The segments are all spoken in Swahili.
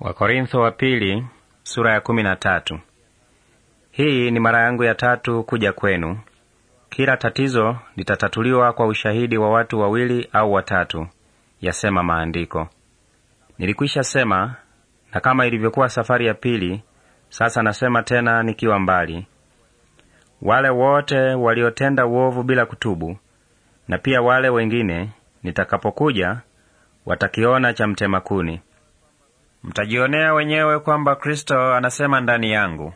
Wakorintho wa pili, sura ya kumi na tatu. Hii ni mara yangu ya tatu kuja kwenu. Kila tatizo litatatuliwa kwa ushahidi wa watu wawili au watatu, yasema maandiko. Nilikwisha sema, na kama ilivyokuwa safari ya pili, sasa nasema tena nikiwa mbali. Wale wote waliotenda uovu bila kutubu, na pia wale wengine, nitakapokuja, watakiona cha mtemakuni. Mtajionea wenyewe kwamba Kristo anasema ndani yangu.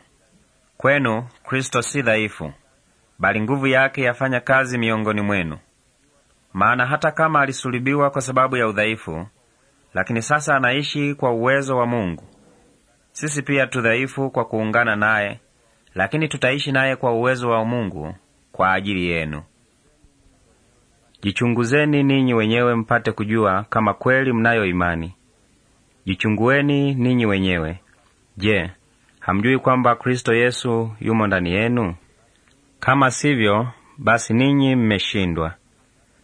Kwenu Kristo si dhaifu, bali nguvu yake yafanya kazi miongoni mwenu. Maana hata kama alisulubiwa kwa sababu ya udhaifu, lakini sasa anaishi kwa uwezo wa Mungu. Sisi pia tu dhaifu kwa kuungana naye, lakini tutaishi naye kwa uwezo wa Mungu kwa ajili yenu. Jichunguzeni ninyi wenyewe mpate kujua kama kweli mnayo imani. Jichungueni ninyi wenyewe. Je, hamjui kwamba Kristo Yesu yumo ndani yenu? Kama sivyo, basi ninyi mmeshindwa.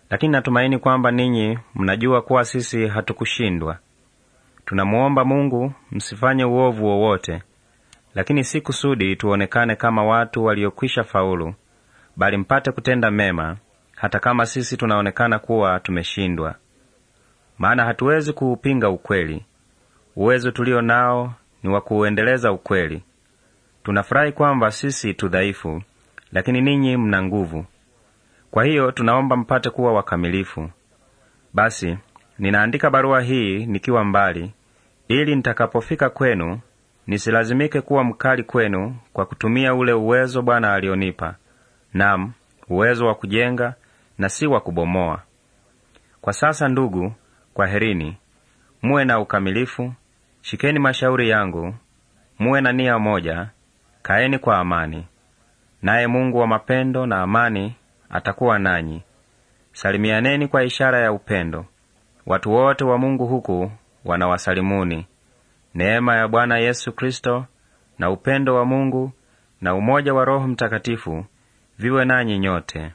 Lakini natumaini kwamba ninyi mnajua kuwa sisi hatukushindwa. Tunamwomba Mungu msifanye uovu wowote, lakini si kusudi tuonekane kama watu waliokwisha faulu, bali mpate kutenda mema, hata kama sisi tunaonekana kuwa tumeshindwa. Maana hatuwezi kuupinga ukweli, Uwezo tulio nao ni wa kuuendeleza ukweli. Tunafurahi kwamba sisi tu dhaifu, lakini ninyi mna nguvu. Kwa hiyo tunaomba mpate kuwa wakamilifu. Basi ninaandika barua hii nikiwa mbali, ili nitakapofika kwenu nisilazimike kuwa mkali kwenu kwa kutumia ule uwezo Bwana alionipa, nam uwezo wa kujenga na si wa kubomoa. Kwa sasa, ndugu, kwaherini, muwe na ukamilifu Shikeni mashauri yangu, muwe na nia moja, kaeni kwa amani, naye Mungu wa mapendo na amani atakuwa nanyi. Salimianeni kwa ishara ya upendo. Watu wote wa Mungu huku wanawasalimuni. Neema ya Bwana Yesu Kristo na upendo wa Mungu na umoja wa Roho Mtakatifu viwe nanyi nyote.